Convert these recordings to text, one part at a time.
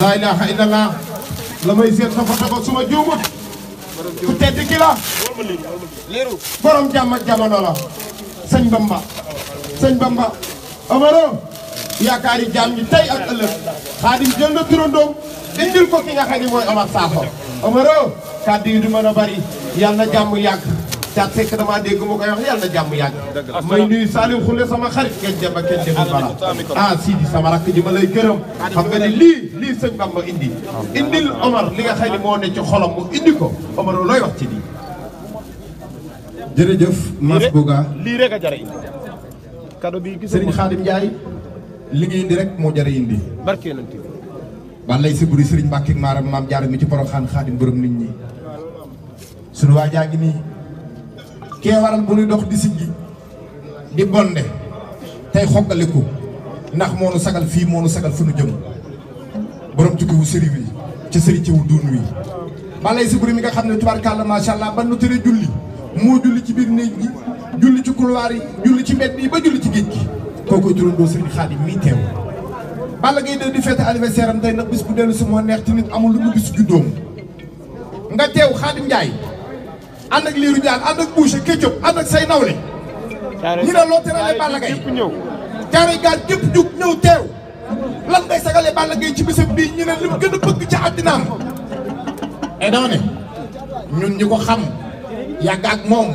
laa ilaaha illallah la may seet sa foto ba suma juumut ku tedd borom jàmm ak jamono Bamba sëñ Bamba amaro yaakaari jaam tey ak ëllëg xaadim jël na turandoom indil ko ki nga xam ni mooy Omar Sakho amaro kàddu yi bari yàlla na jàmm yàgg caat fekk damaa dégg mu koy wax yàlla na jàmm yàgg may nuyu Saliou Khoule sama xarit kenn jëm ak kenn jëmul bala ah Sidi sama rakk ji ma lay gërëm xam nga ne lii lii sëñ Bamba indi indil Omar li nga xam ne moo ne ci xolam mu indi ko Omar looy wax ci lii jërëjëf Mass Bouga lii rek a jar kado bi gis Serigne Khadim Ndiaye li nga indi rek moo jar indi barke nañ wàllay si buri Serigne Mbacke maaram maam jaar mi ci Porokhane Khadim borom nit ñi sunu waa jaa ngi nii kee waral bu ñu dox di siggi di bonde tey xoggaliku ndax moo nu sagal fii moo nu sagal fu nu jëm borom tukki wu ci sëriñ ci wu duun wi balay si buri mi nga xam ne tubaarkàlla macha allah ban nu tëree julli moo julli ci biir néeg gi julli ci couloir yi julli ci mbedd yi ba julli ci géej gi kooku turandoo sëriñ Xaadim mii teew Balla Gaye de di fête anniversaire am tey nag bis bu dellu si moo neex te nit amul lu mu gis juddoom nga teew Xaadim Njaay ànd ak liiru jaan ànd ak boucher kéccub ànd ak say nawle. ñu ne loo teralee Balla Gaye jaaree gaal jëpp jug ñëw teew lan ngay sagalee Balla Gaye ci bisam bii ñi ne li mu gën a bëgg ca àddinaam. et dama ne ñun ñi ko xam yàgg ak moom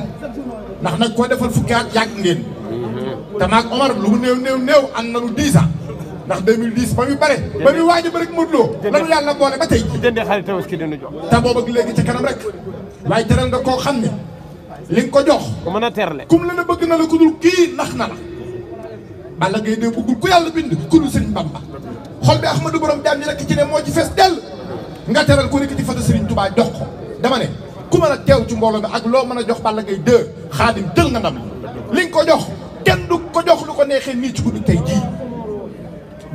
ndax nag koo defal fukki at yàgg ngeen. Mhm. te maag Omar lu mu néew néew néew ànd na lu 10 ans ndax 2010 ba muy bare. ba muy waaj a bëri ak Modou Lo. jënd boole ba tey. jënd xarit tabaski léegi ca kanam rek. waaye teral nga koo xam ne li nga ko jox. ku mën a terle. kum la na bëgg na la ku dul kii nax na la. Balla Gaye de bëggul ku yàlla bind ku dul Serigne Bamba. xol bi Ahmadou borom daan ñi rek ci ne moo ci fees dell. nga teral ku nekk ci foto Serigne Touba jox ko dama ne ku mën a teew ci mbooloo mi ak loo mën a jox Balla ngay de xaadim jël nga ndam li nga ko jox kenn du ko jox lu ko neexee nii ci guddi tey jii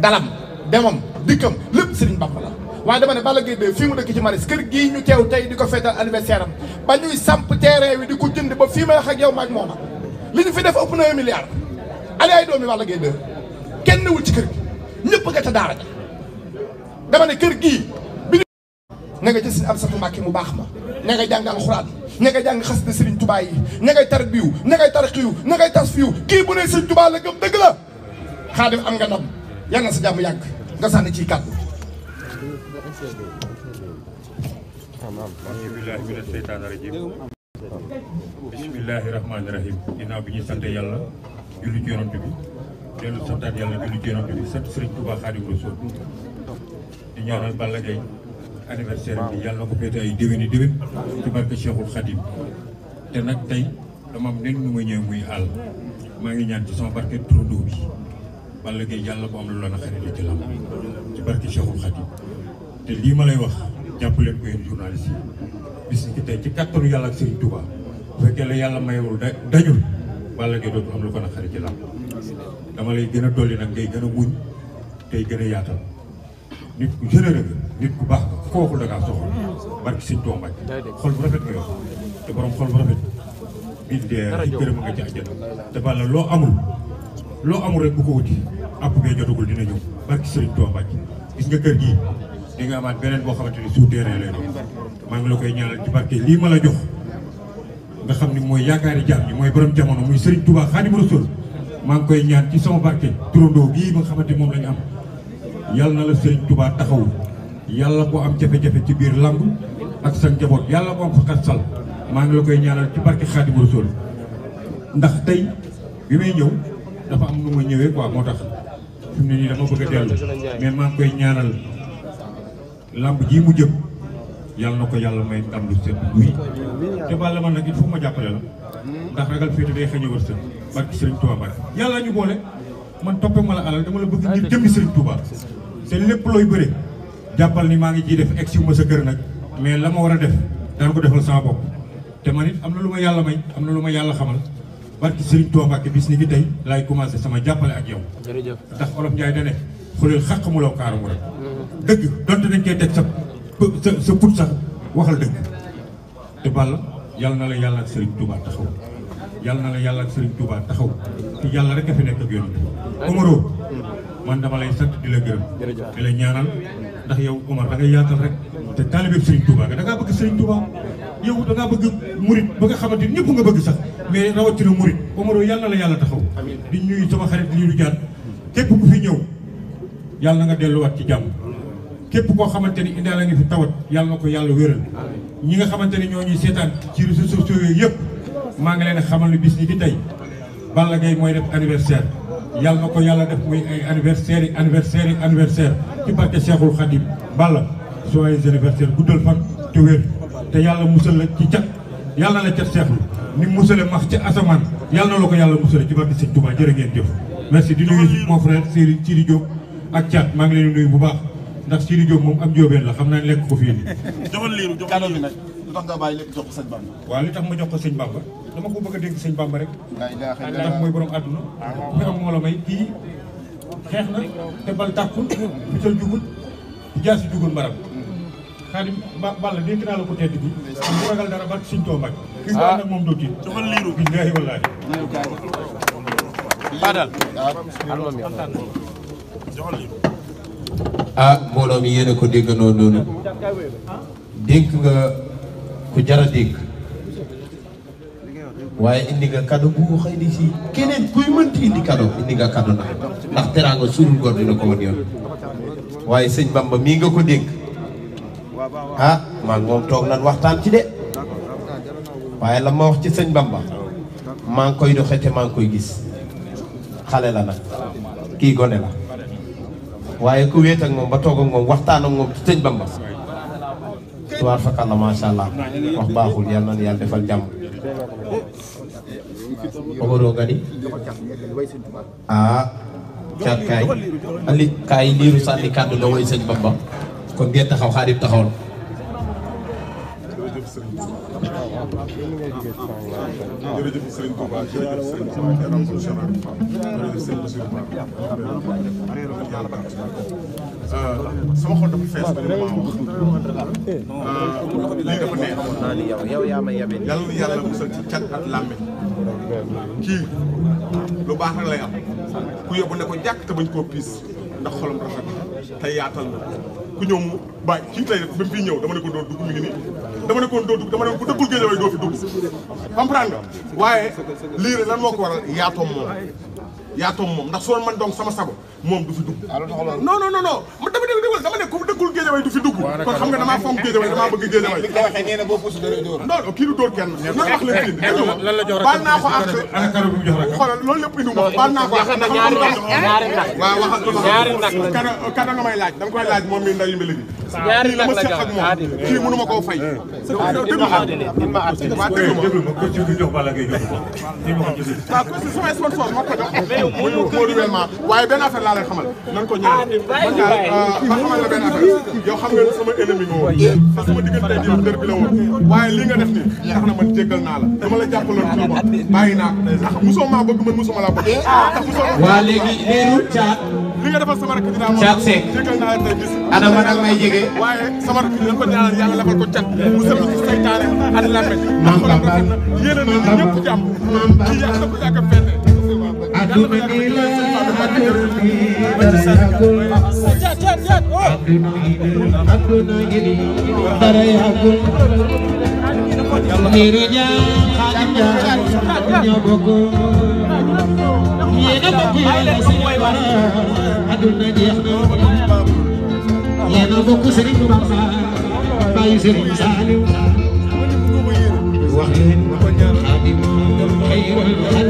dalam demam dikkam lépp Serigne Bamba la. waaye dama ne Balla Gaye 2 fii mu dëkk ci maris kër gii ñu teew tey di ko feetal anniversaire am ba ñuy samp terrain wi di ko jënd ba fii may wax ak yow maag mooma li ñu fi def ëpp na un milliard ali ay doomi Balla Gaye 2 kenn wul ci kër gi nga ta daara dama ne kër gi bi ñu na nga ci suñu am satu mbàkki baax ma na nga jàng alxuraan na nga jàng xas de Serigne Touba yi na ngay tar biiw na ngay tar xiiw na ngay tas fiiw kii bu ne Serigne Touba la gëm dëgg la xaadim am nga ndam yal na sa jàmm yàgg nga sànni ciy kàddu bismillaahi rahmaani rahiim ginnaaw bi ñu sant yàlla julli ci yonent bi dellu santaat yàlla julli ci yonent bi sant Sëriñ Tuubaa Xaadimu di ñaanal Balla Gaye anniversaire bi yàlla na ko féete ay déwéni déwén ci barke Cheikhul Khadim te nag tey dama nen nu ma ñëw muy àll maa ngi ñaan ci sama barke turandoo bi Balla Gaye yàlla bu am lu la naqari di ci lam ci barki Cheikhul Khadim te lii ma lay wax jàpp ko yéen journaliste yi bis ni ki ci kattanu yàlla ak Serigne Touba bu fekkee la yàlla mayewul da dañul Balla Gaye dootu am lu ko naqari ci lam dama lay gën a dolli nag ngay gën muñ tey gën a yaatal nit ku généreux nit ku baax nga kooku da ngaa soxla barki Serigne Touba Mbacke xol bu rafet nga yor te borom xol bu rafet biir dee ci këram nga ci te Balla loo amul loo amul rek bu ko wuti àpp bee jotagul dina ñëw barki Serigne Touba Mbacke gis nga kër gii di nga amaat beneen boo xamante ni sous terrain lay doon maa ngi la koy ñaanal ci barke lii ma la jox nga xam ni mooy yaakaari jaam ñi mooy borom jamono muy Serigne Touba Xaadimu Rasuul maa ngi koy ñaan ci sama barke turandoo bii ba nga moom la am yàlla na la Serigne Touba taxawu yàlla boo am jafe-jafe ci biir làmb ak sa njaboot yàlla boo am fa maa ngi la koy ñaanal ci barke Xaadimu Rasuul ndax tey bi may ñëw dafa am lu ma ñëwee quoi moo tax fi mu ne nii dama bëgg a dellu mais maa ngi koy ñaanal làmb ji mu jëm yàlla na ko yàlla may ndam lu set guy te Balla man nag il faut ma jàppale la ndax ragal féete day xëñ a wërsëg barki Serigne ñu boole man toppee ma la alal dama la bëgg ngir jëmmi Serigne lépp looy bëre jàppal ni maa ngi ciy def egg ma sa kër nag mais la ma war a def daan ko defal sama bopp te man it am na ma yàlla may am na lu ma yàlla xamal barki Serigne Touba Mbacke bis ni ki tey laay commencé sama jàppale ak yow. jërëjëf ndax Olof Ndiaye da ne xulil xaq mu law kaaru mu rek. Mm-hmm. dëgg donte dañ koy sa sa sa put sax waxal dëgg. te Balla yàlla na la yàlla ak Serigne Touba taxaw yàlla na la yàlla ak Serigne Touba taxaw te rek a fi nekk ak yoon bi. Mm-hmm. man dama lay sant di la gërëm. di la ñaanal ndax yow Omar da ngay yaatal rek te taalibe Serigne Touba nga da bëgg Serigne Touba. yow da bëgg murit ba nga xamante ni ñëpp nga bëgg sax mais rawatina murit Omaro yàlla la yàlla taxaw di ñuy sama xarit lii du jaar képp ku fi ñëw yàlla nga delluwaat ci jàmm képp koo xamante ni la nga fi tawat yàlla nga ko yàlla wéral ñi nga xamante ni ñoo ñuy seetaan ci réseaux sociaux yooyu yëpp maa ngi leen xamal ni bis ni ki tey Balla gay mooy def anniversaire yàlla na ko yàlla def mooy ay anniversaire yi anniversaire yi anniversaire ci barke Cheikhul Khadim Balla soo ay anniversaire guddal fan te wér te yàlla musal la ci cat yàlla na la cat seexlu ni musale max ci asamaan yàlla na la ko yàlla musale ci barke Sëñ Tuubaa jërë ngeen jëf merci di nuyu ak Thiat maa bu baax ndax Siri Diop moom am jóobeen la xam naa ne lekk ko fii nii joxal liiru joxal liiru nag lu tax nga bàyyi jox ko sëñ Bamba li tax ma jox ko sëñ Bamba dama ko bëgg a dégg sëñ Bamba rek ndax mooy borom àdduna mi ah, am moo la may kii xeex na te bal tàkkul bi tal jugul jaasi jugul mbaram xaadim Balla ah. ah mbooloo mi yéen ko déggandoo noonu. dénk nga ku jara dénk. waaye indi nga kado bu xëy di si keneen kuy mënti indi kado indi nga kado na ndax teraanga suurul góor dina ko woon yoon. waaye sëñ Bamba mii nga ko dénk. ah maak moom toog nan waxtaan ci de waaye la ma wax ci sëñ Bamba maa ngi koy doxe te maa ngi koy gis xale la nag kii gone la waaye ku wéet moom ba toog ak moom waxtaan ak moom ci sëñ Bamba tubaar fakal la macha allah wax baaxul yal na yàlla defal jàmm obaroo nga ni ah car kaay ali kaay liiru sànni kàddu la sëñ Bamba kon ngeen taxaw xaadim taxaw na jërëjëf Serigne Touba jërëjëf Serigne Touba jërëjëf Serigne Touba jërëjëf Serigne Touba sama xol dafa fees ba ma wax lii dafa neex yàlla na yàlla musal ci cat ak làmmiñ kii lu baax nag lay am ku yóbbu ne ko jàkk te bañ koo piis ndax xolam rafet tey yaatal na ku ñëw mu bàyyi kii tey ba fi ñëw dama ne ko doo dugg mi ngi nii doo dugg dama ko dëggul géej doo fi dugg comprendre nga waaye lii rek lan moo ko waral yaatoom moom yaatoo moom ndax su man donc sama sago moom du fi dugg non non non non ma dama dégg déglu dama ne ku dugg kon xam nga damaa fonk géejawaay damaa bëgg géejawaay non kii du dóor kenn na wax la tiin baal naa ko ak xoolal loolu lépp indi ma baal naa ko ak waaw wax kana kana nga may laaj dama ko laaj moom mi ndaw yi mbi léegi ñaari nag la jox ak moom kii mënu ma koo fay déglu ma waaw déglu ma ko ci jox bala ngay jox waaw ko ci sama sponsor ma ko jox au renouvellement waaye benn affaire laa lay xamal nan ko ñaan euh, man daal ma xamal la benn affaire yow xam nga sama ennemi nga woon sa sama diggante ak yow dër bi la woon waaye li nga def ni tax na man jéggal naa la dama la jàppaloon ci loxo bàyyi naa ko ndax mosoo maa bëgg man mosuma laa bëgg eh, ah. ndax mosoo waa léegi léegi caat li nga defal sama rakk dinaa moom caat seeg jéggal naa la tey bis ana man ak may jege waaye sama rakk dina ko ñaanal yàlla lafal ko cat mu sëpp ci saytaane ak lamet ndax xolam rafet na yéene na ñëpp jàmm kii yàlla ko yàgg fenn aduna ni la aduna darayagul aduna ini aduna ini darayagul nirunya khadim jahan punya bogo yena bogo yena sinibara aduna jihna yena bogo sinibara bayu sinisalim وخير خادم خير الخلق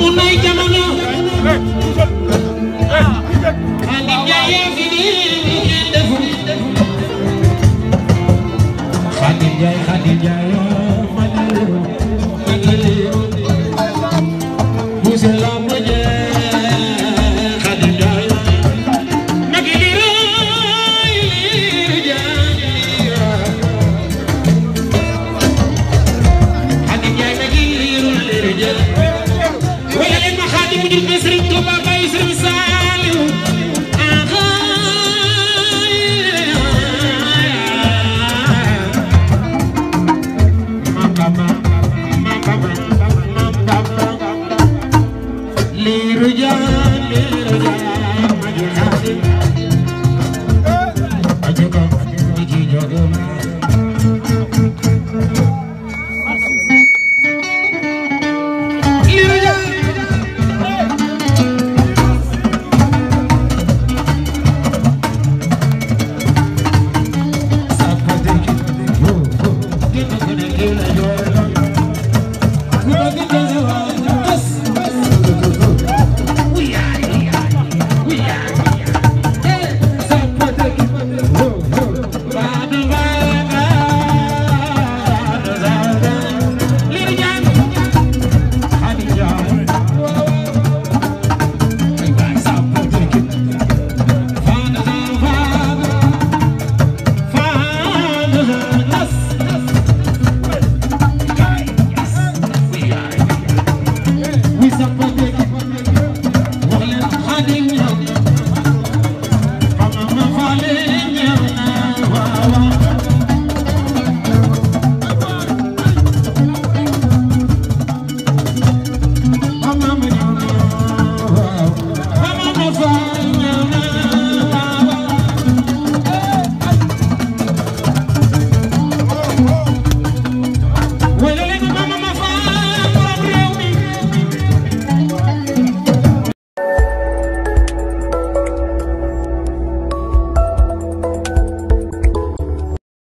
mu may jamono Khadim Ndiaye yaa fi nii kenn defu Khadim Ndiaye